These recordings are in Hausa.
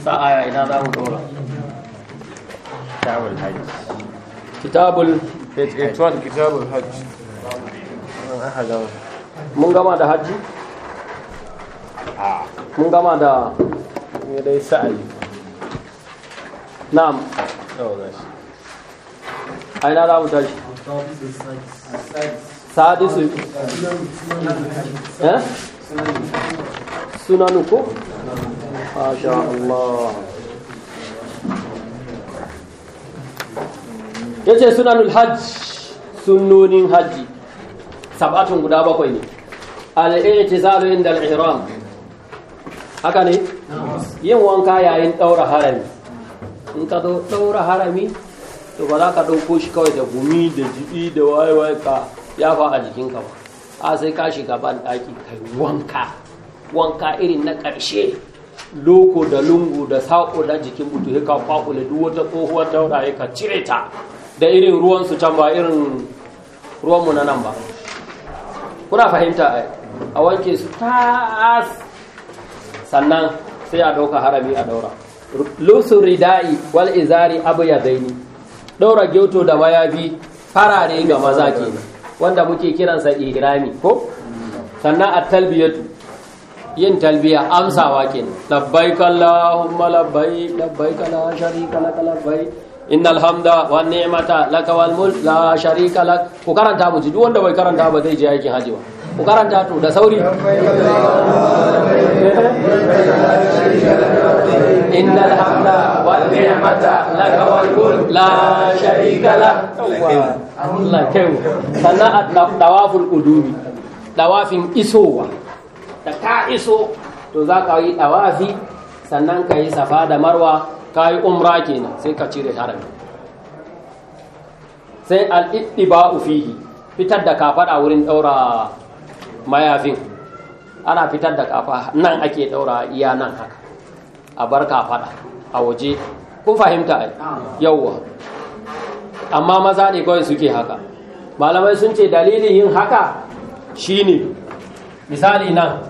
sa aya ina za mu dora kitabul hajj kitabul page 81 kitabul hajj mun gama da hajji mun gama da ne dai sa'ayi na'am aina za mu tashi sadisu eh sunanu ko ya شاء الله yace sunanul hajj sunnonin hajji sab'atun guda bakwai ne al-i'tizalu inda al-ihram haka ne yin wanka yayin daura harami in ka zo daura harami to ba za ka dauko shi kawai da gumi da jibi da wayewaye ka fa a jikinka ba a sai ka shiga ban daki kai wanka wanka irin na ƙarshe loko da lungu da saƙo da jikin mutu ya kafa kula duk wata tsohuwar daura ya ka cire ta da irin ruwansu can ba irin ruwanmu na nan ba kuna fahimta a wanke su ta sannan sai a ɗauka harami a daura lusu rida'i wal izari abu ya zaini ɗaura gyoto da mayafi farare ga maza kenan wanda muke kiransa irami ko sannan a talbiyatu yin talbiya amsawa kenan labbaik allahumma labbai labbaik shari sharika lak bai innal hamda wa ni'mata laka wal mulk la sharika lak ku karanta mu duk wanda bai karanta ba zai je aikin haji ba ku karanta to da sauri innal hamda wa ni'mata laka wal mulk la sharika lak Allah kai sana'at at dawaful qudumi dawafin isowa da ka iso to za ka yi ɗawafi sannan ka yi safa da marwa ka yi umra kenan sai ka cire harami sai ba ufihi fitar da kafa a wurin ɗaura mayafin ana fitar da kafa nan ake ɗaura iya nan haka a bar kafa a waje kun fahimta ai yawwa amma maza ne kawai suke haka malamai sun ce dalilin yin haka shine misali nan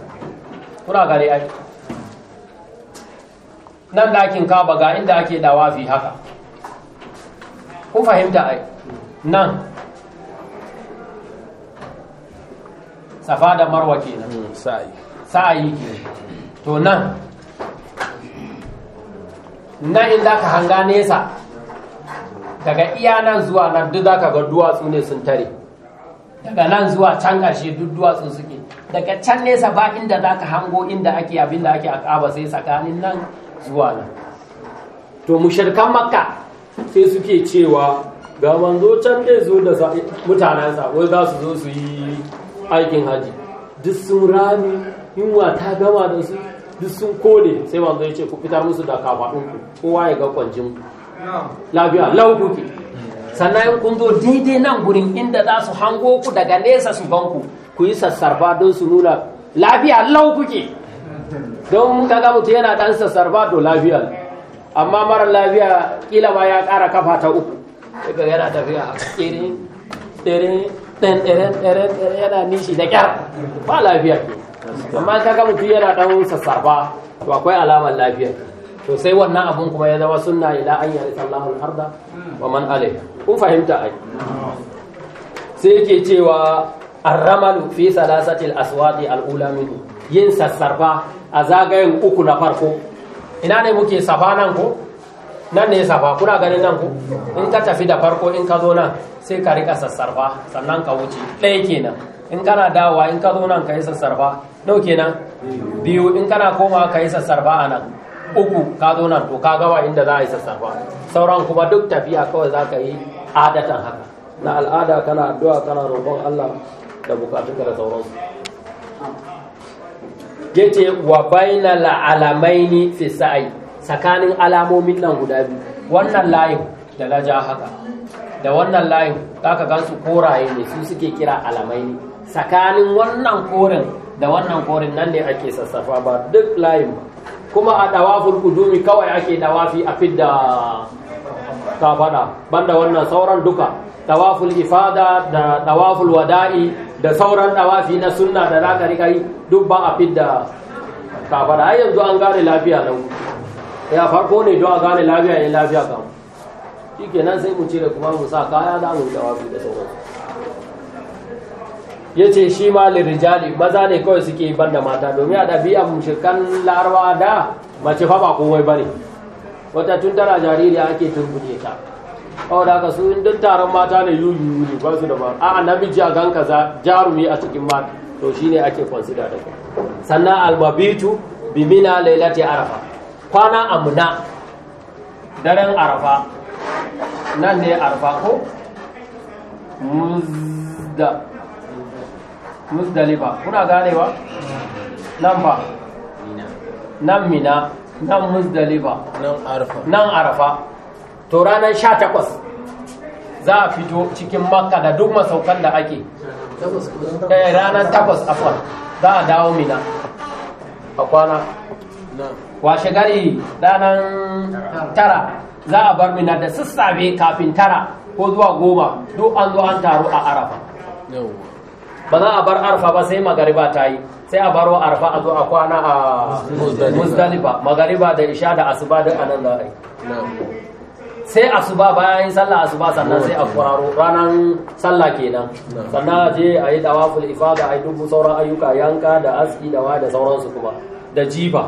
kuna gane ai nan ɗakin kaba ga inda ake wafi haka ku fahimta ai nan safa da marwa kenan hmm, sa'i sa'i ke to nan nan in za ka hanga nesa daga iya nan zuwa nan duk za ga duwatsu ne sun tare daga nan zuwa can ƙarshe duk duwatsu suke daga can nesa ba inda za ka hango inda ake abin da ake a ƙaba sai tsakanin nan zuwa nan to mushirkan makka sai suke cewa ga manzo can zai zo da mutanen wai za su zo su yi aikin haji duk sun rami yunwa ta gama da su duk sun kone sai manzo ya ce ku fitar musu da kafaɗinku kowa ya ga kwancin lafiya lau kuke sannan yin kun zo daidai nan gurin inda za su hango ku daga nesa su banku ku yi sassarfa don su nuna lafiya lau kuke don ga mutu yana dan sassarfa don lafiya amma mara lafiya kila ma ya kara kafa ta uku daga yana tafiya tsere tsere ɗan ɗan ɗaren yana nishi da kyar ba lafiya ke amma ga mutu yana dan sassarfa to akwai alamar lafiya to sai wannan abun kuma ya zama sunna ila an yi sallahu harda wa man alaiha kun fahimta ai sai yake cewa arramalu fi salasatil aswadi al'ula minhu yin sassarfa a zagayen uku na farko ina ne muke safa nan ko nan ne safa kuna ganin nan ko in ka tafi da farko in ka zo nan sai ka rika sassarfa sannan ka wuce ɗaya kenan in kana dawowa in ka zo nan ka yi sassarfa nau kenan biyu in kana komawa ka yi sassarfa a nan uku ka zo nan to ka gawa inda za a yi sassafa sauran kuma duk tafiya kawai za ka yi adatan haka na al'ada kana addu'a kana roƙon Allah da bukatunka da sauransu yace wa baina alamaini fi sa'i tsakanin alamomin nan guda biyu wannan layin da na ja haka da wannan layin gan gansu koraye ne su suke kira alamaini tsakanin wannan koren da wannan koren nan ne ake sassafa ba duk layin ba kuma a dawaful kudumi kawai ake dawafi a fidda kafaɗa. banda wannan sauran duka dawaful ifada da dawaful wada'i da sauran dawafi na sunna da zaka rika yi duk ba a fidda kafada ai yanzu an gane lafiya nan ya farko ne do a gane lafiya ne lafiya kan shikenan sai mu cire kuma mu sa kaya da mu dawafi da sauransu ya ce shi ma lirijali maza ne kawai suke ban da mata domin a ɗabi'a mushirkan larawa da mace fa ba komai ba ne wata tun tana jaririya ake turbune ta kawai da haka in duk taron mata ne yuyu ne ba su da ba a namiji a gan kaza jarumi a cikin ma to shine ake consider da sannan almabitu bimina lailati arafa kwana amuna daren arafa nan ne arafa ko muzda musdalifa kuna ganewa nan ba nan mina nan musdalifa nan arafa to ranar sha takwas za a fito cikin makka da duk masaukan da ake ranar takwas eh, afon za a dawo mina a kwana washe gari ranar tara za a bar mina da sassafe kafin tara ko zuwa goma duk an zo an taru a arafa ba za a bar arfa ba sai magariba ta yi sai a baro arfa a zo a kwana a musdalifa magariba da isha da asuba duk a nan za a yi sai asuba bayan sallah asuba sannan sai a kwararo ranar sallah kenan sannan je a yi fulifa da a yi dubu sauran ayyuka yanka da aski da wa da sauransu kuma da jiba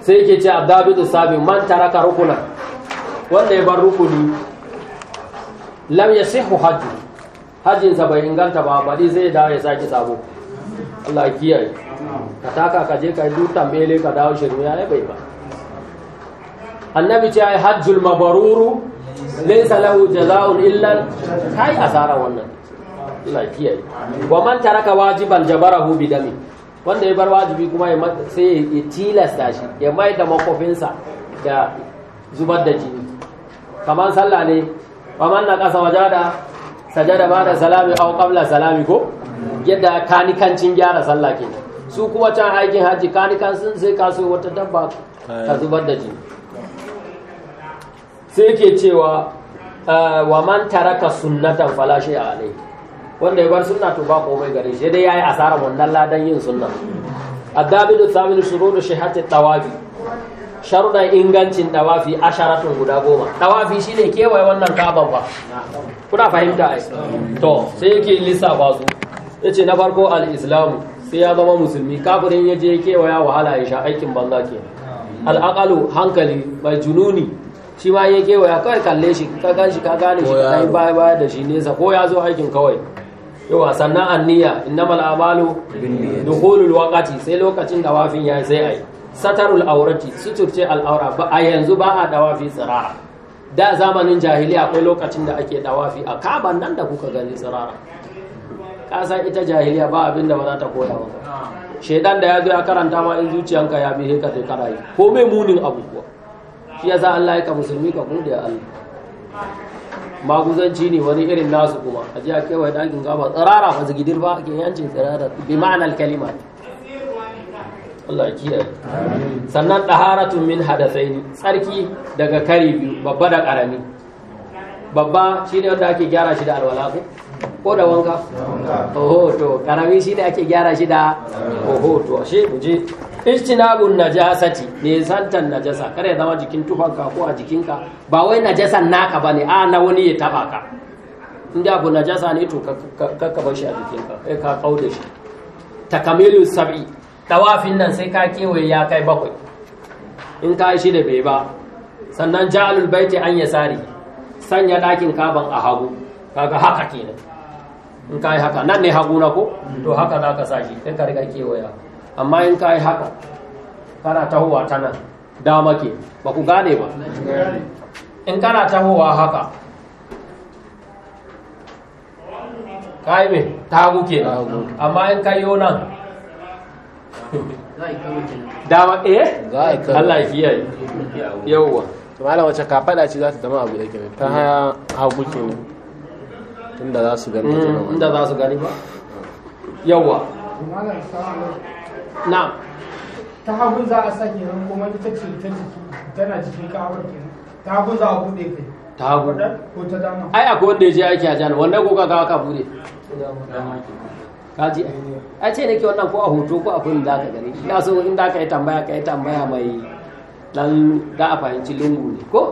sai ke ce abdabidu sabi man taraka rukuna wanda ya bar rukuni lam yasihu hajji hajjinsa bai inganta ba bari sai da ya sake sabo Allah kiyaye ka taka ka je ka yi duk ka dawo shirme ya bai ba annabi ce ai hajjul mabaruru laysa lahu jazaa'un illa kai asara wannan Allah kiyaye wa man taraka wajiban jabarahu bi dami wanda ya bar wajibi kuma ya sai ya tilasta shi ya mai da makofinsa da zubar da jini kamar sallah ne wa man na kasa wajada sajada ba da salami au qabla salami ko yadda kanikancin gyara sallah ke su kuma can aikin haji kanikan sun sai kaso wata dabba ka zubar da jini sai ke cewa ah, wa man taraka sunnatan fala a alai wanda ya bar sunna to ba komai gare shi dai yayi asarar wannan ladan yin sunna adabidu thaminu shurudu shihati tawafi sharuɗan ingancin a sharatun guda goma shi ne kewaye wannan kaban ba kuna fahimta ai to sai yake lissafa su ce na farko al'islamu sai ya zama musulmi kafirin ya je kewaya wahala ya sha aikin banza ke al'akalu hankali mai jununi shi ma ya kewaya kawai kalle shi ka gan shi ka gane shi kai baya baya da shi nesa ko ya zo aikin kawai yawa sannan anniya inna malamalu dukhulul waqati sai lokacin da wafin sai ai satarul aurati suturce al'aura ba a yanzu ba a dawafi tsirara da zamanin jahiliya akwai lokacin da ake dawafi a kaban nan da kuka gani tsirara kasan ita jahiliya ba abin da ba za ta koya ba. shaidan da ya zo ya karanta ma in zuciyanka ya bi ka ta karayi ko mai munin abu kuwa shi ya sa Allah ya ka musulmi ka gode Allah maguzanci ne wani irin nasu kuma a jiya kewaye dakin gaba tsirara ba zigidir ba ake yancin tsirara bi ma'anar kalima ne Allah kiyaye sannan daharatu min hadathaini tsarki daga kari biyu babba da karami babba shine wanda ake gyara shi da alwala ko ko da wanka oho to karami shine ake gyara shi da oho to ashe muje ijtinabun najasati ne santan najasa kare zama jikin tufanka ko a jikinka ba wai najasan naka bane a na wani ya taba ka inda abu najasa ne to ka ka bar shi a jikinka kai ka kaude shi takamilu sab'i tawafin nan sai ka kewaye ya kai bakwai in ka shi da bai ba sannan jalul baiti an ya sari sanya ɗakin kaban a hagu kaga haka kenan in ka yi haka nan ne hagu na ko to haka za ka sashi sai ka riga kewaya amma in ka yi haka kana tahowa ta nan dama ke ba ku gane ba in kana tahowa haka ka yi mai ta hagu ke amma in ka yi nan dama eh Allah fi yayi yawwa to malam wace ka fada ci za ta zama abu da ne ta haya hagu kenan tunda za su gani tunda mm, za su gani ba yawwa na ta hagu za a sake ran kuma ita ce ta jiki tana jikin kawar ke ta hagu za a bude kai ta hagu ko ta dama ai akwai wanda ya je aiki a jana wanda ko ka ka bude ta dama kaji a ce nake wannan ko a hoto ko a kullum da ka gani y'a so in da aka yi tambaya ka yi tambaya mai dan da a fahimci lungu ne ko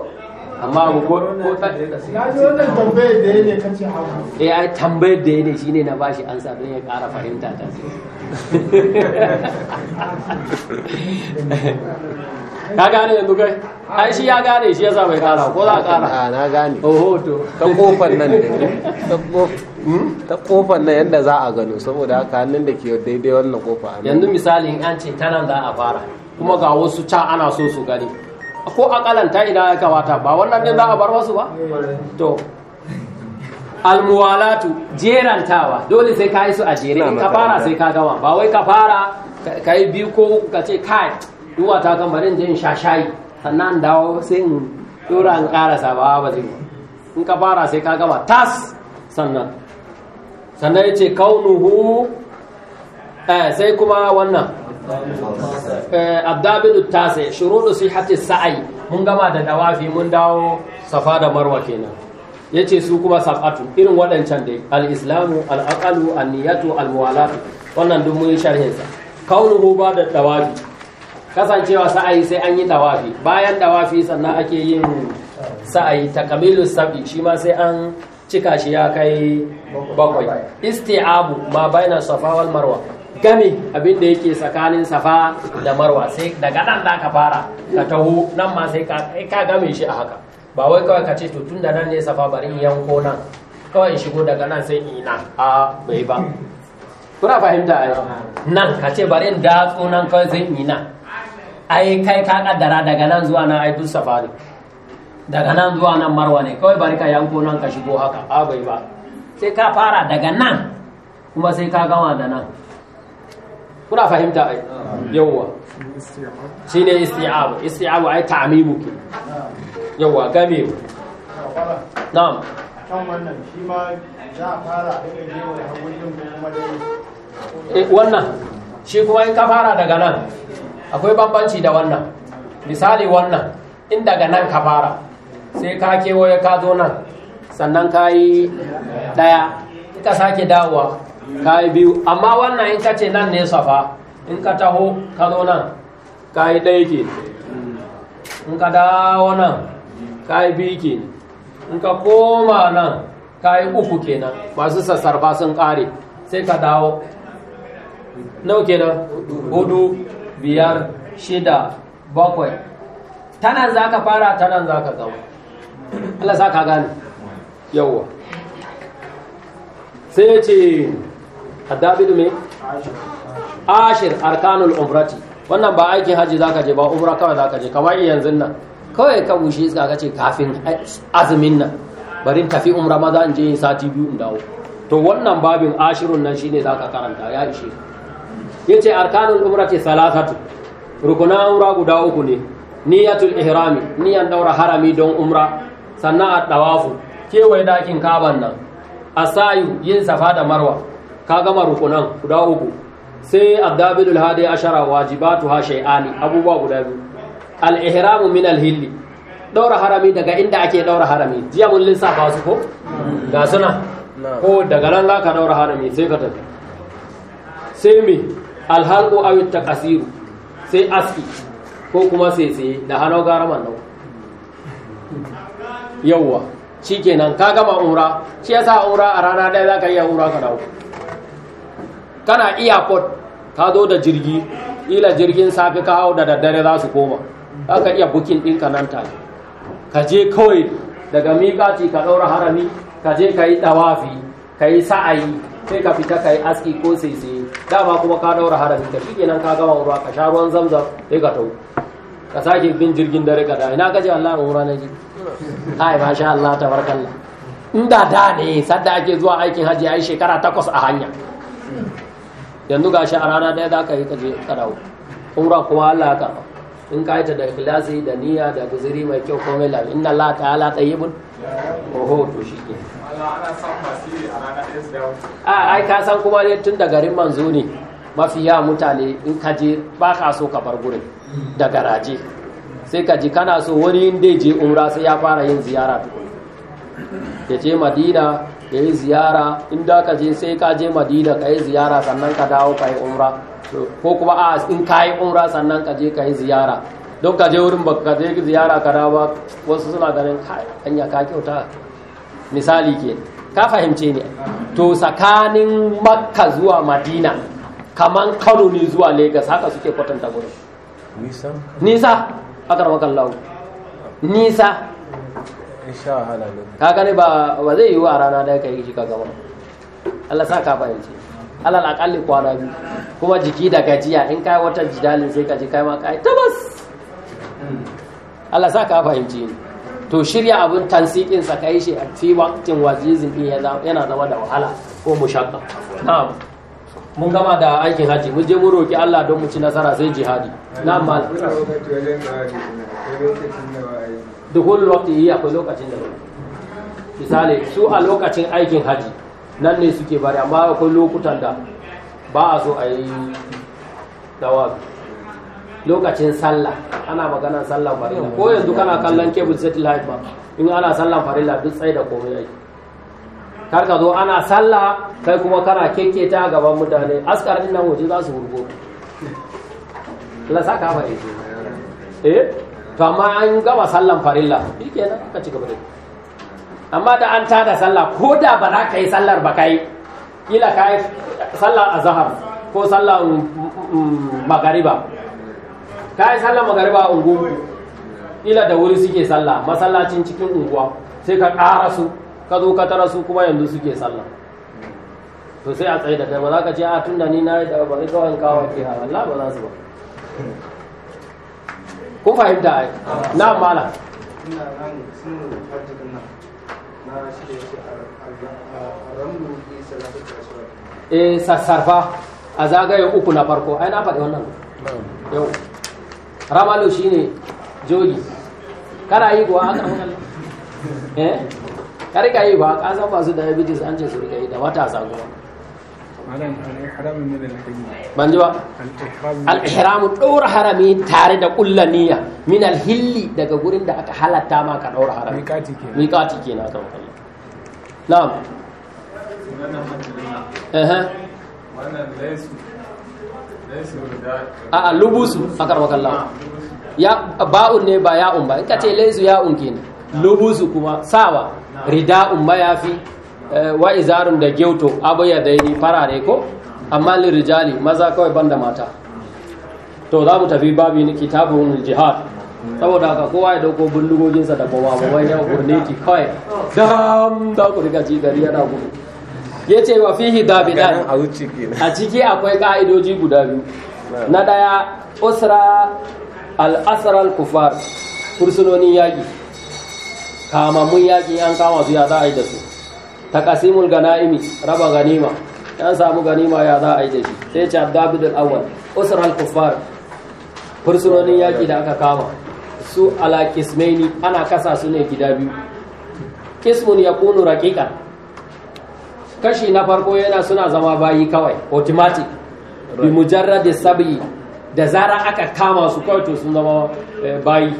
amma ko ko na ji wannan tambayar da yake kace haka eh ai tambayar da yake shine na bashi ansa don ya kara fahimta ta ka gane yanzu kai ai shi ya gane shi yasa bai kara ko za a kara na gane oho to ta kofar nan ne ta kofar ta kofar na yadda za a gano saboda haka hannun da ke daidai wannan kofa yanzu misali in an ce ta nan za a fara kuma ga wasu can ana so su gani ko akalanta ina ya kamata ba wannan ne za a bar wasu ba to almuwalatu jerantawa dole sai ka yi su a jere in ka fara sai ka gama ba wai ka fara ka yi biyu ko ka ce kai duwa ta gama rin jin shashayi sannan dawo sai in dora in karasa ba ba zai in ka fara sai ka gama tas sannan sannan ya ce kaunuhu eh, sai kuma wannan eh, abdabidu tase shuruɗu sihati sa'ai mun gama da dawafi mun dawo safa da marwa kenan ya ce su kuma sab'atu irin waɗancan da al'islamu al'akalu al al’uwalatu wannan duk mun sharhinsa kaunuhu ba da dawafi kasancewa sa'ayi sai an yi dawafi bayan dawafi sannan ake yin sa'ayi takamilu sab'i shi ma sai an cika shi ya kai bakwai isti'abu ma baina safa wal marwa gami abin da yake tsakanin safa da marwa sai daga nan da ka fara ka taho nan ma sai ka game shi a haka ba wai kawai ka ce to tun da nan ne safa bari in yanko nan kawai in shigo daga nan sai ina a bai ba kuna fahimta ai nan ka ce bari in datso nan kawai sai ina ai kai ka kaddara daga nan zuwa nan ai duk safa ne daga nan zuwa nan marwa ne kawai bari ka yanko nan ka shigo haka a ba sai ka fara daga nan kuma sai ka gama da nan kuna fahimta ai yawwa shine isti'abu isti'abu ai ta'mimu ke yawwa game na'am kan wannan shi ma za a fara daga jewa ya gudun kuma dai eh, wannan shi kuma in ka fara daga nan akwai bambanci da wannan misali wannan in daga nan ka fara sai ka kewaye ka zo nan sannan ka yi ɗaya ka sake dawowa ka yi biyu amma wannan in ka ce nan ne safa in ka taho ka zo nan ka yi ɗaya ke in ka dawo nan ka yi biyu ke in ka koma nan ka yi uku kenan masu sassarfa sun kare sai ka dawo nau kenan hudu biyar shida bakwai tanan za ka fara tanan za ka zama Allah sa ka gane yawwa sai ya ce haddabidu me ashir arkanul umrati wannan ba aikin haji zaka je ba umra kawai zaka je kamar yanzu nan kawai ka bushe iska ka ce kafin azumin nan bari tafi umra ma za in je sati biyu in dawo to wannan babin ashirun nan shine ka karanta ya ishe yace arkanul umrati salasatu rukunan umra guda uku ne niyatul ihrami niyan daura harami don umra sannan a ɗawafu kewaye dakin kaban nan a sayu yin safa da marwa ka gama rukunan guda uku sai addabilul hadi ashara wajibatu ha shay'ani abubuwa guda biyu al ihramu min al hilli daura harami daga inda ake daura harami jiya mun ba su ko ga suna ko daga nan ka daura harami sai ka tafi sai me al halqu aw at taqsir sai aski ko kuma sai sai da hanau garaman nan yawwa kenan ka gama ura shi yasa ura a rana ɗaya zaka iya ura ka dawo kana iya kod ka zo da jirgi ila jirgin safe ka hau da daddare za su koma za ka iya bukin ɗinka nan take ka je kawai daga mikati ka ɗaura harami ka je ka yi ɗawafi ka yi sa'ayi sai ka fita ka yi aski ko saisaye dama kuma ka ɗaura harami ka shi nan ka gama ura ka sha ruwan zamzam sai ka tau ka sake bin jirgin dare ka da ina ka je Allah ura na ji hai masha Allah tabarakallah inda da ne sadda ake zuwa aikin hajji ai shekara takwas a hanya yanzu ga shi a rana ɗaya za ka yi kaje ka dawo umra kuma Allah ka in ka yi ta da ikhlasi da niyya da guzuri mai kyau ko mai lafiya inna Allah ta'ala tayyibun oho to shi ke a ai ka san kuma ne tun da garin manzo ne mafiya mutane in ka je ba ka so ka bar gurin da garaje sai ka ji kana so wani in je umra sai ya fara yin ziyara tukuna ya je madina ya yi ziyara inda ka je sai ka je madina ka yi ziyara sannan ka dawo ka yi umra ko kuma a in ka yi umra sannan ka je ka yi ziyara don ka je wurin baka je ziyara ka dawo wasu suna ganin hanya ka kyauta misali ke ka fahimce ne to tsakanin makka zuwa madina kaman kano ne zuwa lagos haka suke kwatanta gurin nisa akarwakallahu nisa ka gane ba ba zai yi wa rana da ka yi shi ka gama Allah sa ka fahimci alal akalli kwana biyu kuma jiki da gajiya in kai wata jidalin sai ka kai ma kai tabas Allah sa ka fahimci to shirya abin tansikin sa kai shi a fi cin wazizin din yana zama da wahala ko mushaqqa na'am mun gama da aikin haji mun je mu roki Allah don mu ci nasara sai jihadi na mal dukul waqti yi akwai lokacin da misali su a lokacin aikin haji nan ne suke bari amma akwai lokutan da ba a so a yi dawabi lokacin sallah ana maganar sallah farilla ko yanzu kana kallon kebul satellite ba in ana sallan farilla duk tsaye da komai kar ka zo ana sallah kai kuma kana keke ta gaban mutane askar din nan waje za su hurgo la saka ba eh to amma an gama sallan farilla nan ka ci gaba da amma da an tada sallah ko da ba za ka yi sallar ba kai kila ka yi sallar azhar ko sallar mm, mm, magariba ka yi sallar magariba a ungu kila da wuri suke sallah masallacin cikin unguwa sai ka ƙara su ka zo ka tara su kuma yanzu suke sallah to sai a tsaye da kai ba za ka ce a tun da ni na yi da bari kawai kawo ke ha Allah ba za su ba ko fahimta ai na mala eh sarfa a zagaye uku na farko ai na faɗi wannan yau ramalo shine jogi kana yi kuwa aka eh ka rika yi ba ka san masu diabetes an ce su rika yi da wata kuma ban ji ba al-ihram ɗora harami tare da ƙulla niyya min al-hilli daga gurin da aka halatta ma ka ɗora harami miƙati ke na kan kalli na'am a lubusu a karbakan ya ba'un ne ba ya'un ba in ka ce laisu ya'un kenan lubusu kuma sawa rida'un mayafi eh, wa izarun da gyoto abuya da yi farare ko amma lirijali maza kawai banda mata to za mu tafi babi na kitabun jihad saboda ka kowa ya dauko bindigoginsa da ba bawa ya gurneti kawai dam da ku riga ji gari yana gudu ya ce wa fihi dabidan a ciki akwai ka'idoji guda biyu na daya usra al-asrar kufar fursunonin yaki kamammun yaƙi an kama su ya za a yi da su ta kasimul gana'imi raba ganima yan samu ganima ya za a yi da shi sai ce abdabi da awal usur al-kuffar fursunonin yaki da aka kama su ala kismaini ana kasa su ne gida biyu kismun ya kunu raƙiƙa kashi na farko yana suna zama bayi kawai automatic bi mujarradi sabi da zara aka kama su kawai to sun zama eh, bayi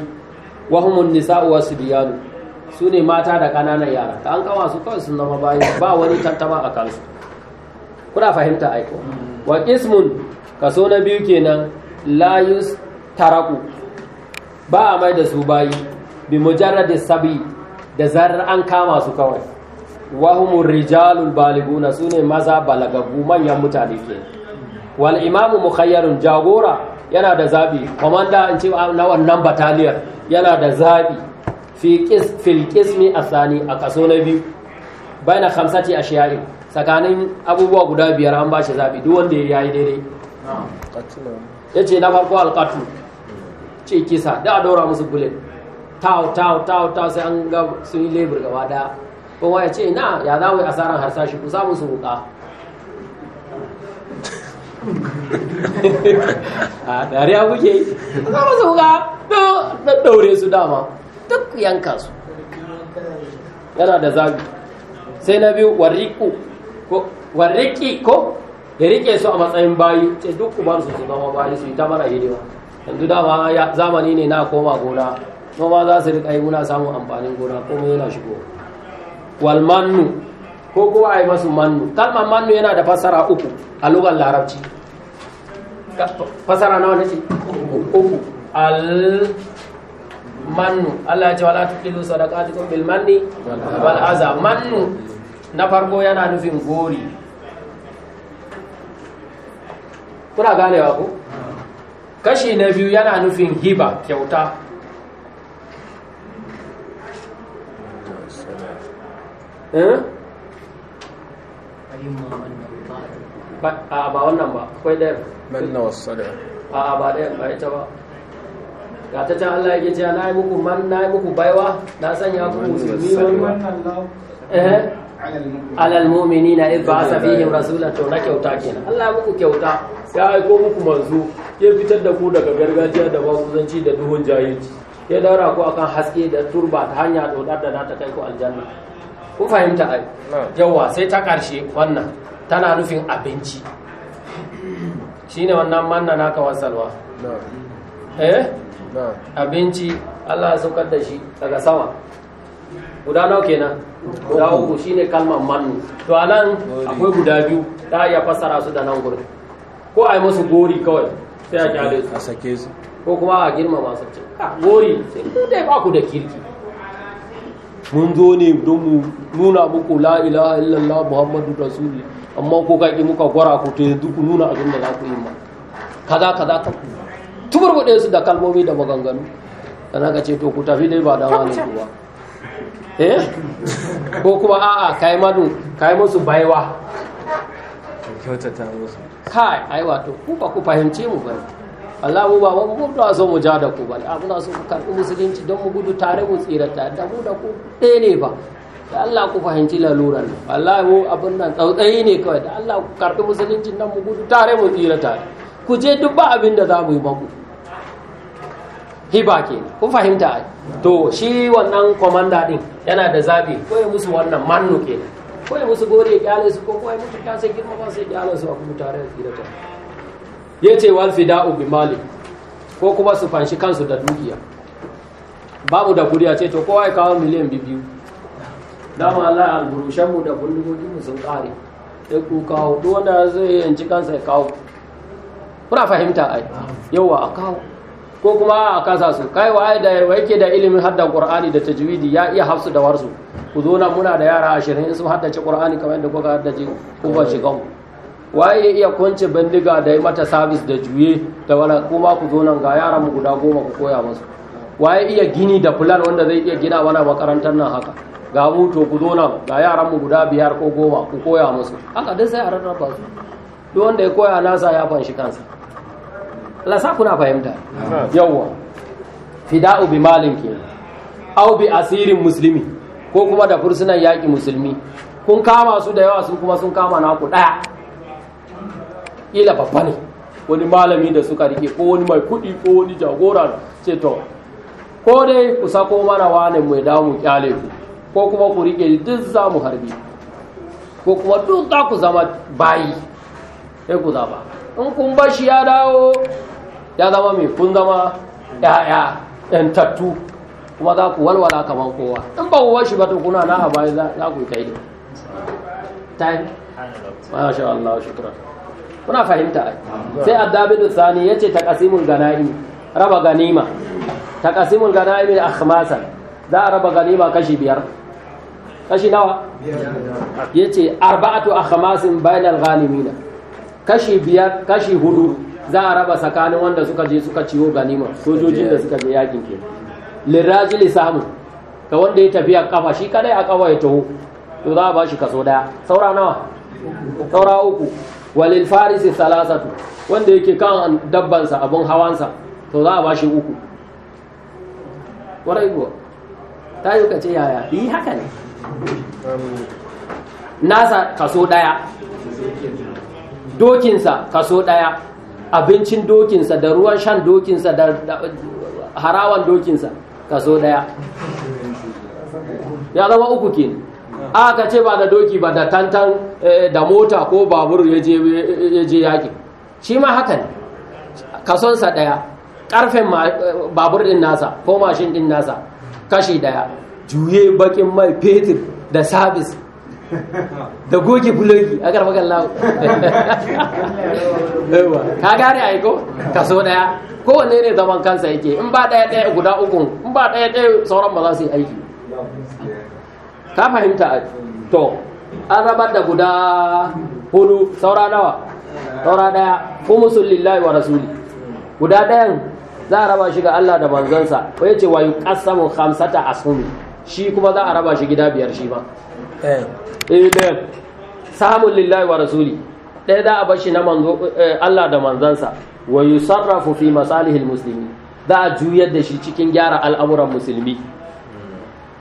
wahumun nisa'u wasu biyanu su ne mata da ƙananan yara ta an kama su kawai sun zama bayi ba wani tantama a kansu kuna fahimta aiko wa ismun kaso na biyu kenan layus taraku ba a mai da su bayi bi mujarradi sabi da zarar an kama su kawai wahumun rijalul baliguna su ne maza balagagu manyan mutane ke wal imamu mukhayyarun jagora yana da zabi kwamanda in ce na wannan bataliyar yana da zabi fil a tsani a kaso na biyu baina a shayi tsakanin abubuwa guda biyar an bashi zaɓi duk wanda ya yi daidai yace na farko alƙatu ce kisa da a daura musu bullet taw taw taw tau sai an ga sun yi lebur gaba daya kuma ya ce na ya za mu yi harsashi ku samu su wuka a dariya kuke su wuka da daure su dama duk yanka su yana da zagi sai na biyu warriku ko warriki ko ya rike su a matsayin bayi ce duk uban su su zama bayi su yi ta mara yi dewa yanzu dama zamani ne na koma gona noma za su rika yi muna samun amfanin gona ko mai yana shigo wal ko kuma a yi masu mannu kalmar mannu yana da fasara uku a lugar larabci fasara wani ce uku al mannu Allah ya ce wala tuqilu sadaqatikum bil manni wal aza mannu na farko yana nufin gori kuna gane ganewa ku kashi na biyu yana nufin hiba kyauta eh? ba a ba wannan ba kwai ɗaya ba ɗaya ba ita ba ga ta can Allah yake cewa na yi muku man na yi muku baiwa na sanya ku musulmi wani eh, alal mumini na ifa fihim rasulan to na kyauta kenan Allah muku kyauta ya aiko muku manzo ya fitar da ku daga gargajiya da bakuzanci da duhun jahilci ya daura ku akan haske da turba ta hanya dodar da ta kai ku aljanna ku fahimta ai yawa sai ta karshe wannan tana nufin abinci shine wannan manna naka wasalwa eh abinci Allah ya saukar da shi daga sama guda nawa kenan guda uku shine kalmar mannu to anan akwai guda biyu da ya fassara su da nan gurin ko a yi musu gori kawai sai a kyale su a sake su ko kuma a girma masu ce gori sai ku dai ba ku da kirki mun zo ne don mu nuna muku la ilaha illallah muhammadu rasuli amma ko kaki muka gwara ku to yanzu ku nuna abin da za ku yi ma kaza kaza ta ku tuburbuɗe su da kalmomi da maganganu sannan ka ce to ku tafi dai ba da wani ruwa eh ko kuma a'a kai madu kai musu baiwa kai ai wato ku ba ku fahimce mu bane Allah mu ba mu ba so mu ja da ku bane a muna so ku karbi musulunci don mu gudu tare mu tsira tare da mu da ku ɗaya ne ba da Allah ku fahimci laluran nan Allah mu abin nan tsautsayi ne kawai da Allah ku karbi musulunci don mu gudu tare mu tsira tare ku je duk ba abin da za mu yi baku hiba ke kun fahimta to shi wannan komanda din yana da zabi ko ya musu wannan mannu ke ko ya musu gore ya kyale su ko ko ya musu kasa girma ba sai kyale su a kuma tare da tsirata ya ce wal fida'u bi mali ko kuma su fanshi kansu da dukiya babu da kuriya ce to kowa ya kawo miliyan biyu dama Allah alburushan mu da bullugogi mu sun kare sai ku kawo duk wanda zai yanci kansa ya kawo kuna fahimta ai yawa a kawo ko kuma a kasa su kai wa da yake da ilimin hadda qur'ani da tajwidi ya iya hafsu da warsu ku zo nan muna da yara ashirin in sun haddace qur'ani kamar yadda kuka haddace ko ba shiga mu waye iya kwance bindiga da yi mata sabis da juye da wala kuma ku zo nan ga yaran mu guda goma ku koya musu waye iya gini da fulan wanda zai iya gina mana makarantar nan haka ga mu to ku zo nan ga yaran mu guda biyar ko goma ku koya musu haka dai sai a rarraba su duk wanda ya koya nasa ya fanshi kansa Allah sa kuna fahimta yawwa fida'u bi malin ke au bi asirin musulmi ko kuma da fursunan yaƙi musulmi kun kama su da yawa su kuma sun kama naku ɗaya ila babba ne wani malami da suka rike ko wani mai kuɗi ko wani jagora ce to ko dai ku sako mana wani mai dawo mu kyale ku ko kuma ku rike duk za mu harbi ko kuma duk za ku zama bayi sai ku zaba in kun bashi ya dawo ya zama mai kun zama ya'ya yantattu kuma za ku walwala kamar kowa in ba kuwa shi ba ta kuna na a baya za ku yi ta yi time masha Allah shukran kuna fahimta ai sai addabidu sani yace taqasimul ganaim raba ganima taqasimul ganaim da akhmasan za a raba ganima kashi biyar kashi nawa Ya ce arba'atu akhmasin bainal ghanimina kashi biyar kashi hudu za a raba tsakanin wanda suka je suka ciwo ganima sojojin da suka je yakin ke lirajili samu ga wanda ya tafi kafa shi kadai a kawai ya taho to za a ba shi kaso daya saura nawa saura uku walil farisi salasatu wanda yake kan dabbansa abun hawansa to za a ba shi uku warai buwa ta yi kace yaya yi haka ne nasa kaso daya dokinsa kaso daya abincin dokinsa da ruwan shan dokinsa da harawan dokinsa kaso daya ya zama uku ke aka ce ba da doki ba da tantan eh, da mota ko babur ya je yaƙi shi ma haka ne kasonsa daya ƙarfen eh, babur ɗin nasa ko mashin ɗin nasa kashi daya juye bakin mai fetur da sabis da goge bulogi a karfakan lawo ka gari a ko kaso daya kowanne ne zaman kansa yake in ba daya daya guda ukun in ba daya daya sauran ba za su yi aiki ka fahimta to an rabar da guda hudu saura nawa saura daya ko musulun lillahi wa rasuli guda dayan za a raba shi ga Allah da manzansa ko yace wa kasamu khamsata asumi shi kuma za a raba shi gida biyar shi ba Eh. Eh, amen samun lillahi wa rasuli ɗaya za a bar shi na manzo eh, Allah da manzansa wa sarrafa fi masalihin musulmi, za a juyar da shi cikin gyara al'amuran musulmi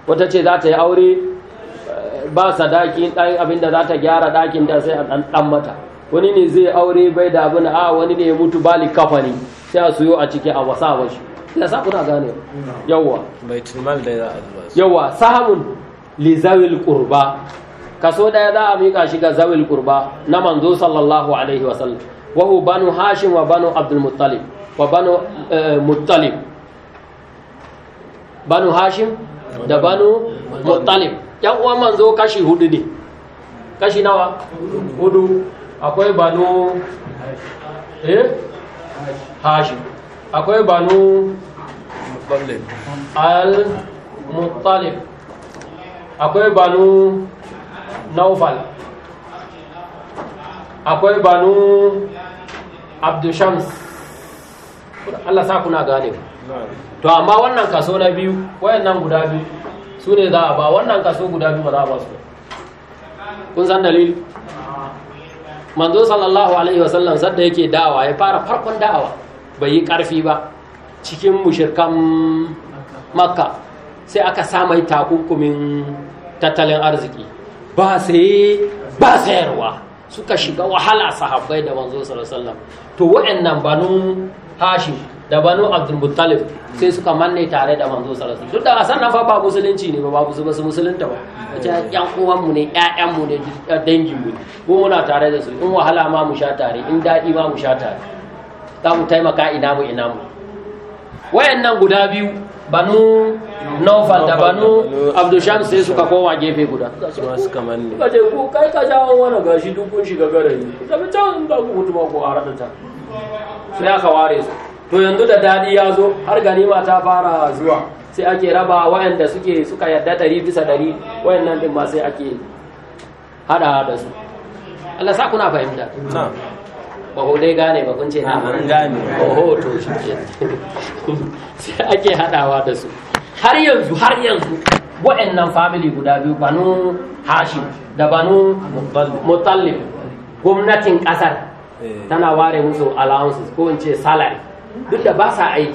wata ce za ta yi aure ba sadaki ɗan abin da za ta gyara ɗakin da sai a ɗan mata wani ne zai aure bai da abin a wani ne ya mutu bali kafani sai a suyo a ciki a wasa wasu. ya sa kuna gane yawa baitul mal da za a yawa sahamun li zawil qurba kaso daya za a mika shi ga zawil qurba na manzo sallallahu alaihi wasallam wa hu banu hashim wa banu abdul muttalib wa banu eh, muttalib banu hashim da banu muttalib yan uwan manzo kashi hudu ne kashi nawa hudu akwai banu eh hashim akwai banu al-muttalib akwai banu naufal akwai banu abdushams Allah sa kuna gane to amma wannan kaso na biyu wayan nan guda biyu su ne za a ba wannan kaso guda biyu ba za a ba su kun san dalil manzo sallallahu alaihi wasallam sadda yake da'awa ya fara farkon da'awa bai yi karfi ba cikin mushirkan makka sai aka samai takunkumin tattalin arziki ba sai. ba sayarwa suka shiga wahala sahabbai da manzo sallallahu to wa'annan banu hashim da banu abdul muttalib sai suka manne tare da manzo sallallahu alaihi wasallam duk da san nan fa ba musulunci ne ba ba su ba su musulunta ba ta yan uwan mu ne ƴaƴan mu ne dangin mu ko muna tare da su in wahala ma mu sha tare in dadi ma mu sha tare za mu taimaka ina mu ina mu wayannan guda biyu banu naufal da banu abdushan sai suka koma gefe guda masu kamar ne ka ku kai ka jawo wani gashi duk kun shiga garin ne can ba ku mutu ba ku harata ta sai aka ware su to yanzu da daɗi ya zo har ganima ta fara zuwa sai ake raba waɗanda suke suka yarda ɗari bisa ɗari waɗannan ɗin ma sai ake hada da su Allah sa kuna fahimta ba dai gane ba kun ce na ah, an gane oho to shi ke sai ake hadawa da su har yanzu har yanzu wa'annan family guda biyu banu hashim da banu mutallib gwamnatin kasar eh. tana ware musu allowances ko in ce salary duk da ba sa aiki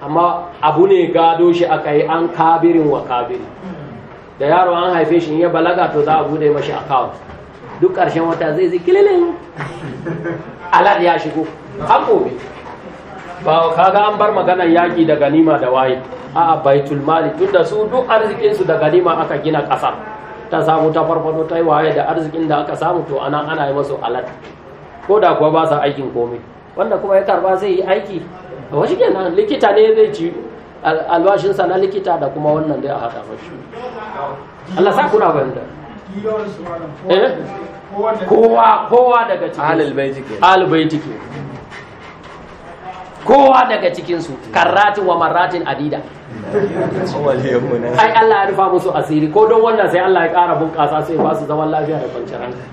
amma abu ne gado shi aka yi an kabirin wa kabiri da yaro an haife shi ya balaga to za a bude mashi account duk ƙarshen wata zai zai kililin Alad ya shigo an gobe ba kaga an bar maganar yaƙi da ganima da waye a baitul mali tun da su duk arzikinsu da ganima aka gina ƙasa ta samu ta farfado ta yi waye da arzikin da aka samu to anan ana yi masu alad. ko da kuwa ba sa aikin komai wanda kuma ya karba zai yi aiki a wasu kenan likita ne zai ci albashinsa na likita da kuma wannan dai a haɗa Allah sa kuna fahimta kowa kowa daga cikin ahlul baiti ke kowa daga cikin su karratin wa marratin adida ai Allah ya rufa musu asiri ko don wannan sai Allah ya kara bunƙasa sai ba su zaman lafiya da kwanciyar hankali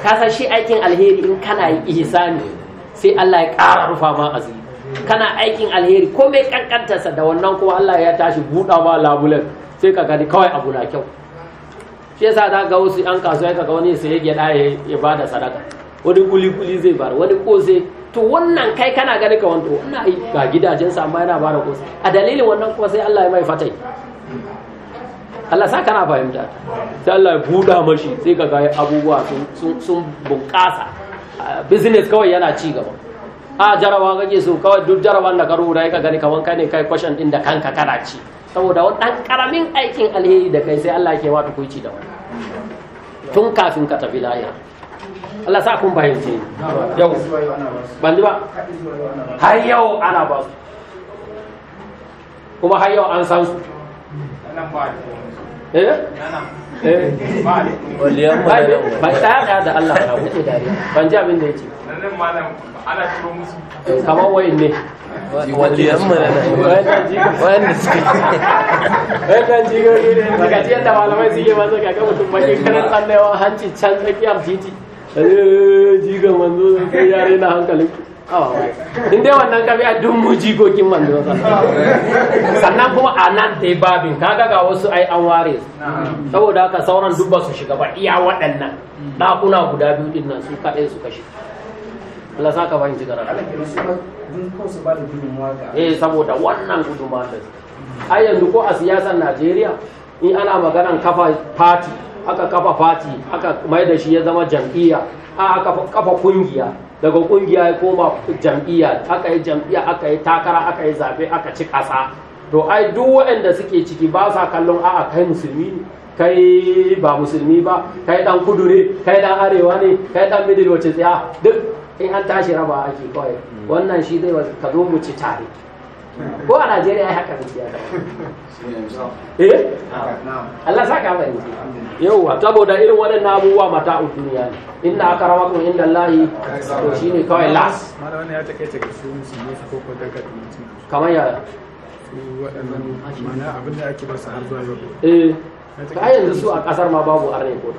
ka san shi aikin alheri in kana yi ihsani sai Allah ya kara rufa ma asiri kana aikin alheri ko mai kankantarsa da wannan kuma Allah ya tashi buɗa ma labulen sai ka gani kawai abu na kyau shi yasa ta ga wasu an kasuwa ka ga wani sai ya ya ba da sadaka wani kuli-kuli zai bar wani kose to wannan kai kana gani ka wanto ina yi ga gidajen sa amma yana bada kose a dalilin wannan kuma sai Allah ya mai fatai Allah sa kana fahimta sai Allah ya buda mashi sai ka ga abubuwa sun bunƙasa business kawai yana ci gaba a jarawa kake so kawai duk jarawan da ka rubuta ka gani kaman kai ne kai din da kanka kana ci saboda wani ɗan ƙaramin aikin alheri da kai sai Allah ke wata kuci da wani tun kafin ka tafi lahira Allah sa kun fahimce yau ban ba har yau ana ba su kuma har yau an san su eh waliyan mu da Allah na wuce dariya ban ji abin da malam ana turo musu kamar ne waliyan mu da suke eh kan ji gari ne daga jiyan da malamai suke ba mutum ba ke hanci can tsakiyar titi jigan manzo yare na hankalin Oh. in wannan kabi a duk mu jikokin manzo sannan kuma a nan ta yi babin ka ga wasu ai an ware saboda haka sauran duk ba su shiga ba iya waɗannan kuna guda biyu din nan su kaɗai su kashe Allah sa ka fahimci gara eh saboda wannan gudunmawa da ai yanzu ko a siyasar Najeriya in ana maganan kafa fati aka kafa fati aka mai da shi ya zama jam'iyya a aka kafa kungiya daga kungiya ya koma jam'iyya aka yi jam'iyya aka yi takara aka yi zaɓe aka ci kasa to ai duk waɗanda suke ciki ba sa kallon a'a kai musulmi ne kai ba musulmi ba kai dan kudu ne kai dan arewa ne kai dan middle wacce tsaya duk in an tashi raba ake kawai mm. wannan shi zai ka zo mu ci tare ko a najeriya ya haka suke eh Allah saka mai yauwa saboda irin waɗannan abubuwa mata a duniya ne inna aka rama kun inda Allahi to shi ne kawai las kamar yaya mana abin da ake su har zuwa yau eh ka yanzu su a kasar ma babu arne ko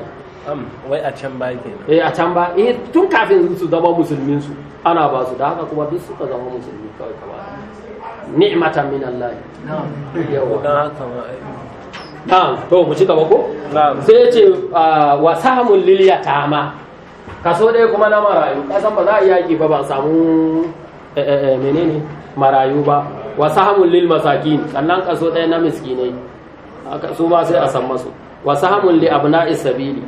wai a can ba ke eh a can ba eh tun kafin su zama musulmin su ana ba su da haka kuma duk suka zama musulmi kawai kawai ni'matan min Allah yawa eh. na'am to mu ci gaba ko sai ya ce ah, wa samun liliya ta ma kaso dai kuma na marayu kasan ba za a yaki ba ban samu eh, eh, menene marayu ba wa samun lil masakin sannan kaso dai na miskinai su ma sai a san masu wa samun li abna'i sabili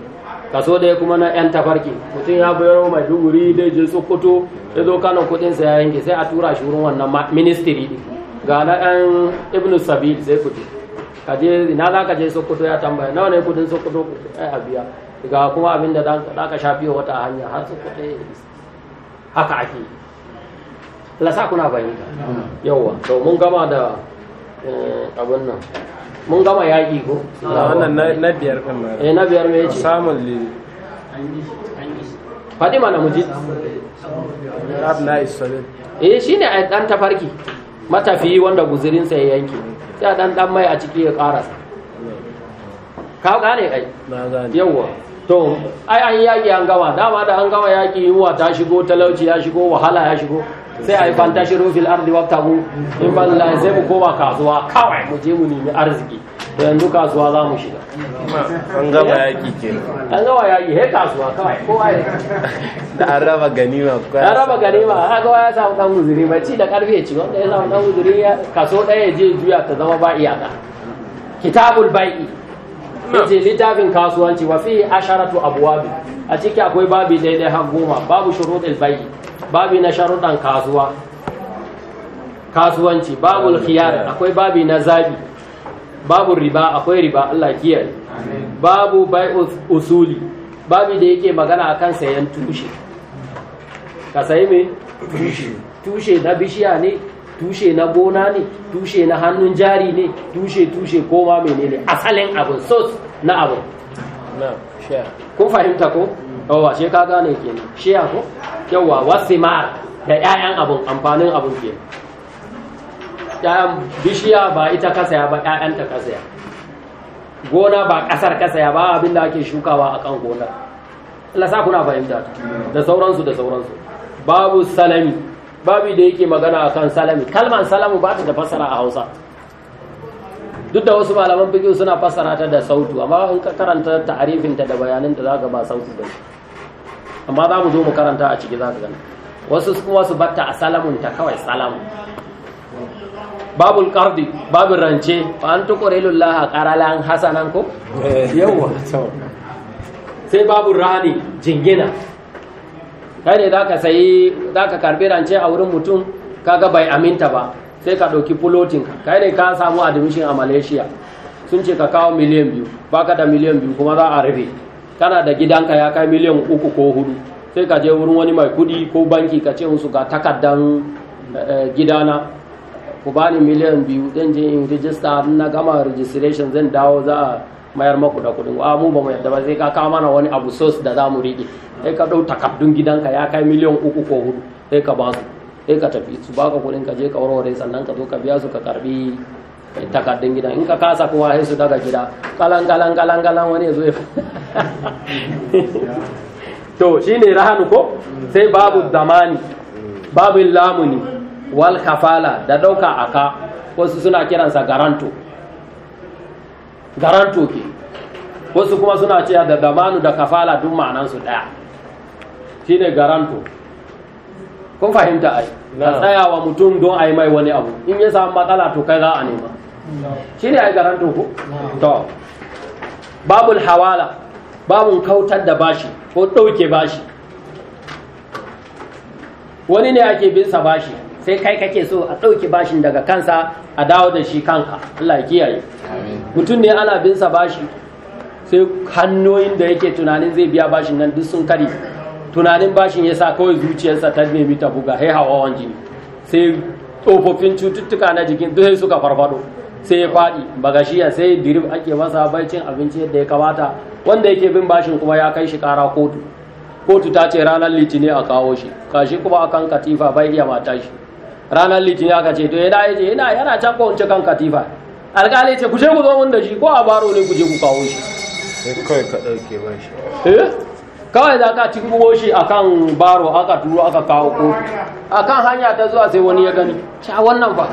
kaso dai kuma na yan tafarki mutum ya bayar mai duguri dai je tsokoto ya zo kanon kudin sa ya yanke sai a tura shi wurin wannan ministry ga na ɗan ibn sabil sai kudi kaje na za ka je sokoto ya tambaya nawa ne kudin sokoto ku ai a biya ga kuma abin da za ka shafi wata hanya har sokoto haka ake la sa kuna fahimta yawa to mun gama da eh, abin nan mun gama yaƙi ko ah, wannan na biyar kan ma eh na biyar me yake samun li faɗi mana mu ji eh shine a tafarki matafiyi wanda guzurinsa ya yanke sai a ɗan mai a ciki ya karasa ka gane ai yawwa to ai an yaki an gama dama da an gama yaƙi yunwa ta shigo talauci ya shigo wahala ya shigo sai a yi shiru fil ardi wabtagu in ban sai mu koma kasuwa kawai mu je mu nemi arziki da yanzu kasuwa za mu shiga an gama yaki ke an gama yaki he kasuwa kawai kowa ya da an raba ganima an raba ganima a gawa ya samu dan guzuri mai ci da karfe ci wanda ya samu dan guzuri kaso daya ya je juya ta zama ba iyaka kitabul bai'i yace littafin kasuwanci wa fi asharatu abwabi a ciki akwai babi daidai har goma babu shuruɗin bai'i babi na sharuɗan kasuwa kasuwanci babu khiyar akwai babi na zabi babu riba akwai riba Allah kiyar babu bai usuli babi da yake magana akan sayan tushe ka sayi me tushe na bishiya ne tushe na gona ne tushe na hannun jari ne tushe tushe koma menene asalin abin sos na abin kun fahimta ko yawa shi ka gane kenan shi ya ko yawa ma'ar da 'ya'yan abun amfanin abun kenan ‘ya'yan bishiya ba ita kasaya ba ‘ya'yanta kasaya gona ba ƙasar kasaya ba abin da ake shukawa a kan gonar lasa kuna fahimta da sauransu da sauransu babu salami babu da yake magana a kan salami kalman salamu ba ta da fassara a hausa duk da wasu malaman fikin suna fassara ta da sautu amma in ka karanta ta'arifinta da bayaninta za ka ba sautu da shi amma za mu zo mu karanta a ciki za ka gani wasu kuma su batta a salamun ta kawai salamun babul qardi babul rance fa an tuqure qaralan hasanan ko eh. yawa sai babul rani jingina kai ne zaka sai zaka karbi rance a wurin mutum kaga bai aminta ba sai ka dauki floating kai ne ka samu admission a Malaysia sun ce ka kawo miliyan biyu baka da miliyan biyu kuma za a rabe kana da gidanka ya kai miliyan uku ko hudu sai ka je wurin wani mai kudi ko banki ka ce musu ga takardan eh, gidana ku bani miliyan biyu zan je in rijista na gama registration zan dawo za a mayar maku da kudin a mu ba mu yadda ba sai ka kawo mana wani abu sos da za mu rike sai ka dau takardun gidanka ya kai miliyan uku ko hudu sai ka ba su sai ka tafi su baka kudin ka je ka warware sannan ka zo ka biya su ka karbi takardun gida in ka kasa kowa sai su daga gida kalan kalan kalan kalan wani zo ya to shine rahanu ko sai babu zamani babu lamuni wal kafala da dauka aka wasu suna kiransa garanto garanto ke wasu kuma suna cewa da zamanu da kafala duk ma'anansu daya shine garanto kun fahimta ai ka tsaya wa mutum don a yi mai wani abu in ya samu matsala to kai za a nema a yi garanto ku. to babul hawala babun kautar da bashi ko ɗauke bashi wani ne ake bin bashi sai kai kake so a ɗauke bashin daga kansa a dawo da shi kanka Allah ya kiyaye mutum ne ana bin sa bashi sai hannoyin da yake tunanin zai biya bashin nan duk sun kari tunanin bashin ya sa kawai zuciyarsa ta nemi ta buga hai jini sai tsofaffin cututtuka na jikin duk sai suka farfado sai ya faɗi bagashiya sai dirib ake masa bai cin abinci yadda ya kamata wanda yake bin bashin kuma ya kai shi kara kotu kotu ta ce ranar litini a kawo shi kashi kuma akan katifa bai iya mata shi ranar litini aka ce to yana yace yana yana can ko kan katifa alƙali ce ku je ku zo mun da shi ko a baro ne ku je ku kawo shi kawai ka dauke ba shi eh? kawai da ci cikin shi a kan baro aka turo aka kawo kotu a kan hanya ta zuwa sai wani ya gani sha wannan ba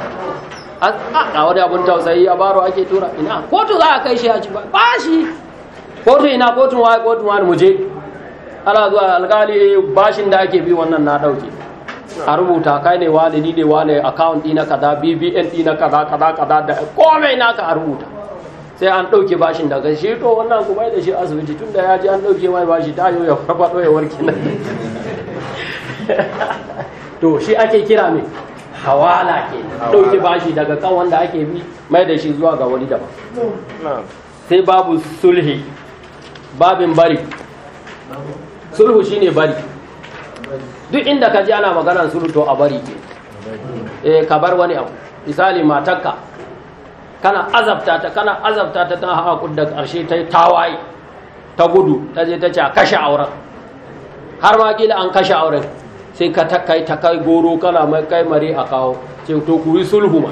a wani abun tausayi a baro ake tura ina kotu za a kai shi a ci ba shi kotu ina kotun wa kotun wa mu je zuwa alkali eh, bashin da ake bi wannan na dauke a rubuta kai ne wani ni ne wani account ka kaza bbn ɗina kaza kaza kaza da komai naka a rubuta sai an ɗauke bashin daga shi to wannan ku bai da shi asibiti tunda ya ji an ɗauke mai bashi ta yau ya farfaɗo ya warke to shi ake kira mai hawala ke ɗauki bashi daga kan wanda ake bi mai da shi zuwa ga wani daban sai babu sulhi babin bari sulhu shine bari duk inda ka ji ana maganar sulhu to a bari ke eh ka bar wani abu misali matarka kana azabta ta kana azabta ta ta hawa da karshe ta tawaye ta gudu ta je ta ce a kashe auren har ma kila an kashe auren sai ka takai ta kai goro kana mai kai mari a kawo ce to ku yi sulhu ma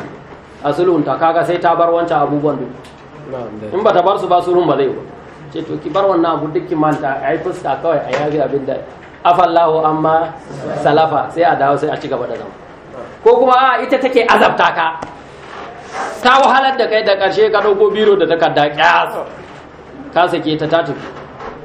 a ta kaga sai ta bar wancan abubuwan duk in ba ta bar su ba sulhun ba zai ba ce to ki bar wannan abu duk ki manta a yi fuska kawai a yafi abin da afallahu amma salafa sai a dawo sai a ci gaba da zama ko kuma a ita take azabta ka ta wahalar da kai da karshe ka dauko biro da takarda kyas ka sake ta ta tafi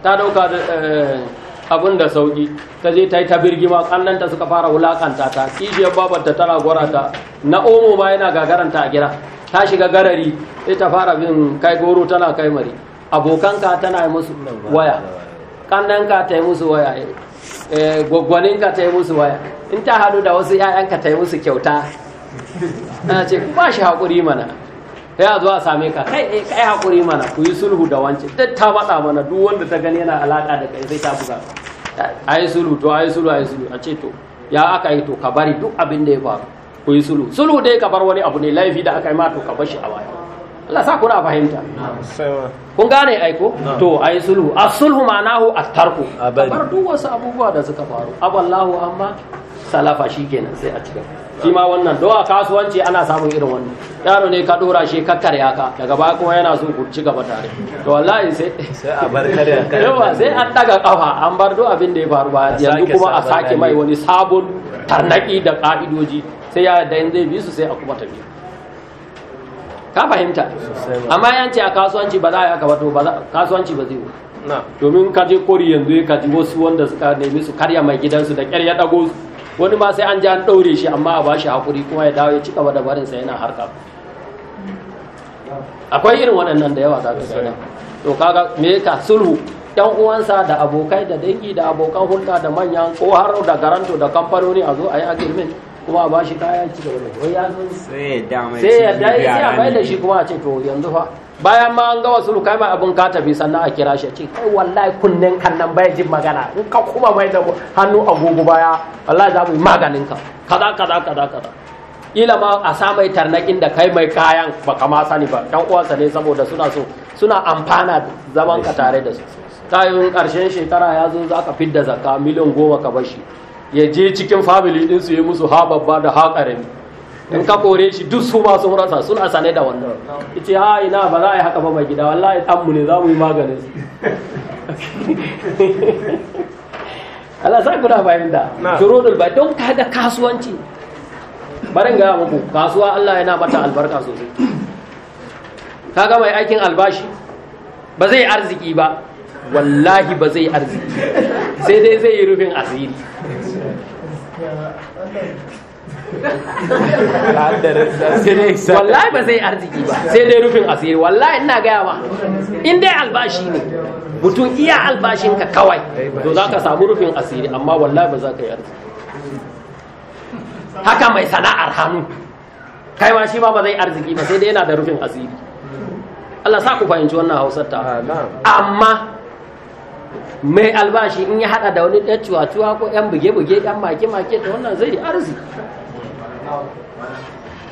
ta dauka eh, abin da sauki ta je ta yi ta birgima kannanta suka fara wulakanta ta kijiyar babarta tana gwarata na omo ma yana gagaranta a gida ta shiga garari sai ta fara bin kai goro tana kai mari abokanka tana yi musu waya kannanka ta yi musu waya eh, gwaggwaninka ta yi musu waya in ta hadu da wasu 'ya'yanka ta yi musu kyauta na ce ba shi haƙuri mana sai a zo a same ka kai eh kai hakuri mana ku yi sulhu da wancan duk ta bada mana duk wanda ta gani yana alaka da kai sai ta buga a sulhu to a sulhu a sulhu a ce to ya aka yi to ka bari duk abin da ya faru ku yi sulhu sulhu dai ka bar wani abu ne laifi da aka yi ma to ka bar shi a baya Allah sa kuna fahimta kun gane aiko to ayi sulhu as-sulhu ma'anahu at-tarku bar duk wasu abubuwa da suka faru aballahu amma salafa shikenan sai a cigaba shi ma wannan doa a kasuwanci ana samun irin wannan yaro ne ka dora shi ka karya ka daga baya kuma yana so ku ci gaba tare to wallahi sai sai a bar karya yawa sai an daga kafa an bar do abin da ya faru ba yanzu kuma a sake mai wani sabon tarnaki da ka'idoji sai ya da zai bi su sai a kuma tafi ka fahimta amma yanci a kasuwanci ba za a yi ba to kasuwanci ba zai domin kaje kori yanzu ya kaji wasu wanda suka nemi su karya mai gidansu da kyar ya dago su wani ma sai an ji an ɗaure shi amma a bashi haƙuri kuma ya dawo ya ci gaba da barinsa yana harka akwai irin waɗannan da yawa zaka gani to kaga me ka sulhu yan uwansa da abokai da dangi da abokan hulɗa da manyan ko har da garanto da kamfanoni a zo a yi agreement kuma a bashi kaya ci gaba da sai ya da sai ya da sai ya bai da shi kuma a ce to yanzu fa bayan ma an ga sulhu kai mai abin ka tafi sannan a kira shi ce kai wallahi kunnen kan nan bai jin magana in ka kuma mai da hannu gugu baya wallahi za mu yi maganin ka kaza kaza kaza kaza ila ma a sa mai tarnakin da kai mai kayan ba kama sani ba dan uwansa ne saboda suna so suna amfana zaman ka tare da su kayan karshen shekara ya zo za ka fidda zakka miliyan goma ka bashi ya je cikin family din su yi musu ha babba da ha karami in ka kore shi duk su ba sun rasa sun asane da wannan ita yi ina ba za a yi haka ba mai gida wallahi dan mu ne za mu yi maganin su Allah sai kuna fahimta shurudul ba don ka da kasuwanci barin ga muku kasuwa Allah yana mata albarka sosai kaga mai aikin albashi ba zai arziki ba wallahi ba zai arziki sai dai zai yi rufin asiri wallahi ba zai arziki ba sai dai rufin asiri wallahi ina gaya ba in dai albashi ne mutum iya albashinka kawai to za ka samu rufin asiri amma wallahi ba za ka yi arziki haka mai sana'ar hannu kai ma shi ba ba zai arziki ba sai dai yana da rufin asiri Allah sa ku fahimci wannan hausar ta ah, amma mai albashi in ya hada da wani ɗan cuwa-cuwa ko ɗan buge-buge ɗan make-make da wannan zai arziki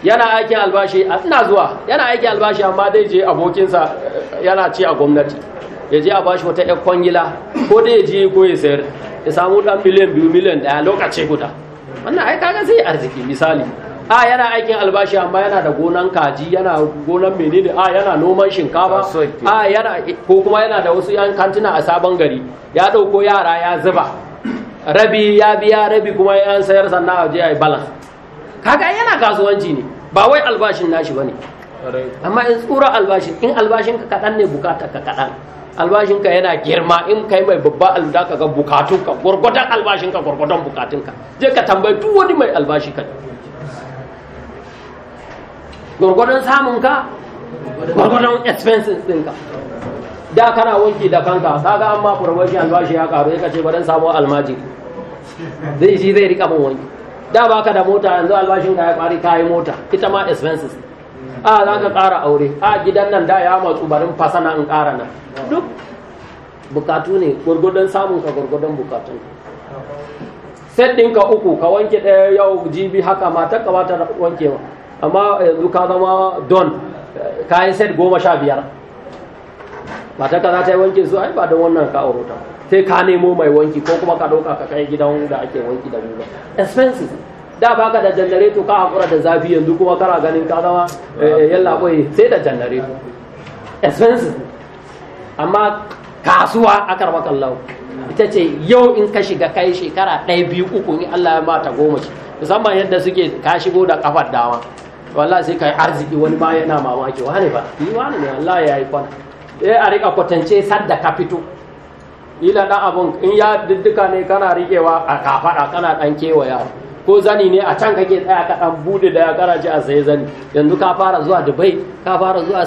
yana aikin albashi ina zuwa yana aikin albashi amma dai je abokinsa yana ce a gwamnati ya je a bashi wata yan kwangila ko dai ya je ko ya sayar ya samu dan miliyan biyu miliyan daya lokaci guda wannan ai kaga sai arziki misali a yana aikin albashi amma yana da gonan kaji yana gonan menene a yana noman shinkafa a yana ko kuma yana da wasu yan kantina a sabon gari ya dauko yara ya zuba rabi ya biya rabi kuma yan sayar sannan a je a balance kaga yana kasuwanci ne ba wai albashin nashi bane amma in tsura albashin in albashin ka kadan ne bukatar ka kadan albashin ka yana girma in kai mai babba alda ka ga bukatun ka gurgudan albashin ka gurgudan bukatun ka je ka tambayi duk wani mai albashi ka gurgudan samun ka gurgudan expenses din ka da kana wanki da kanka kaga amma promotion albashi ya karu sai ka ce bari samu almajiri zai shi zai rika mun wanki da ba ka da mota yanzu albashin ka ya kwari ka yi mota ita ma expenses a za ka ƙara aure a gidan nan da ya matsu barin fasana in ƙara nan duk bukatu ne gurgudun samun ka gurgudun bukatun set ka uku ka wanke ɗaya yau jibi haka ma, ta ka bata wankewa amma yanzu ka zama don yi set goma sha biyar Ba ta kaza ta yi wanke su ai ba don wannan ka aurota ta sai ka nemo mai wanki ko kuma ka ɗauka ka kai gidan da ake wanki da ruwa expenses da baka da janareto ka hakura da zafi yanzu kuma kana ganin ka zama eh, eh, yalla sai da janareto expenses amma kasuwa akar makallau ita ce yau in ka shiga kai shekara ɗaya biyu uku in Allah ya mata goma ce musamman yadda suke ka shigo da kafar dama wallahi sai kai arziki wani ma yana mamaki wani ba ni wani ne Allah ya yi kwana eh a rika kwatance sadda ka fito ila dan abun in ya diddika ne kana riƙewa a kafaɗa kana ɗan kewaya ko zani ne a can kake tsaya ka ɗan bude da ya a sai zani yanzu ka fara zuwa dubai ka fara zuwa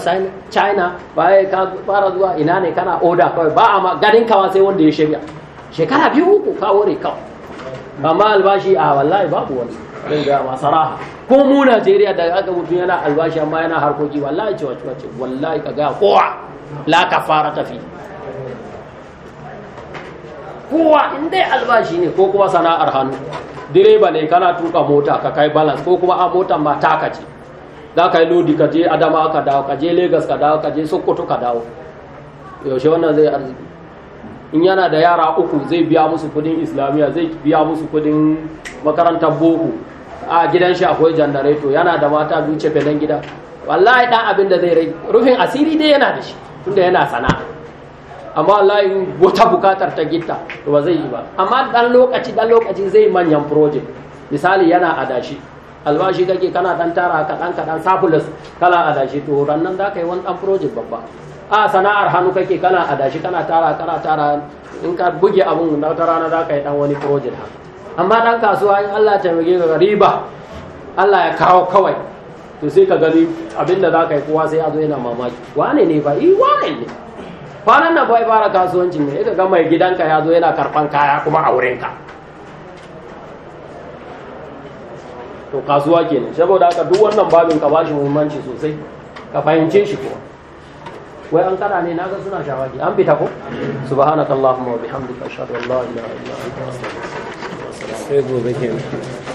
china baya ka fara zuwa ina ne kana oda kawai ba a ganin kawa sai wanda ya shirya shekara biyu uku ka ware kawai amma albashi a wallahi babu wani zan ga ma ko mu najeriya da aka mutum yana albashi amma yana harkoki wallahi ce ciwa wallahi ka ga kowa la kafara tafi kowa in dai albashi ne ko kuma sana'ar hannu direba ne kana tuka mota ka kai balance ko kuma a mota ma taka ce za ka yi lodi ka je adama ka dawo ka je lagos ka dawo ka je sokoto ka dawo yaushe wannan zai arziki in yana da yara uku zai biya musu kudin islamiyya zai biya musu kudin makarantar boko a gidan shi akwai janareto yana da mata biyu cefe gida wallahi dan abin da zai rage rufin asiri dai yana da shi tunda yana sana'a amma layin wata bukatar ta gita, to ba zai yi ba amma dan lokaci dan lokaci zai manyan project misali yana adashi albashi kake kana dan tara ka dan ka dan surplus kana adashi to rannan za ka yi wani dan project babba a sana'ar hannu kake kana adashi kana tara kana tara in ka buge abun na wata rana za ka yi dan wani project ha. amma dan kasuwa in Allah ya taimake ka riba Allah ya kawo kawai to sai ka gani abinda za ka yi kowa sai a zo yana mamaki wane ne ba i eh, wane ne kwanan nan bai fara kasuwancin ne ka ga mai gidanka ya zo yana karban kaya kuma a wurinka to kasuwa ne saboda haka duk wannan babin ka bashi muhimmanci sosai ka fahimce shi ko wai an kana ne naga suna shawagi an fita ko subhanakallahumma wa bihamdika ashhadu an la ilaha illa anta astaghfiruka wa atubu ilaik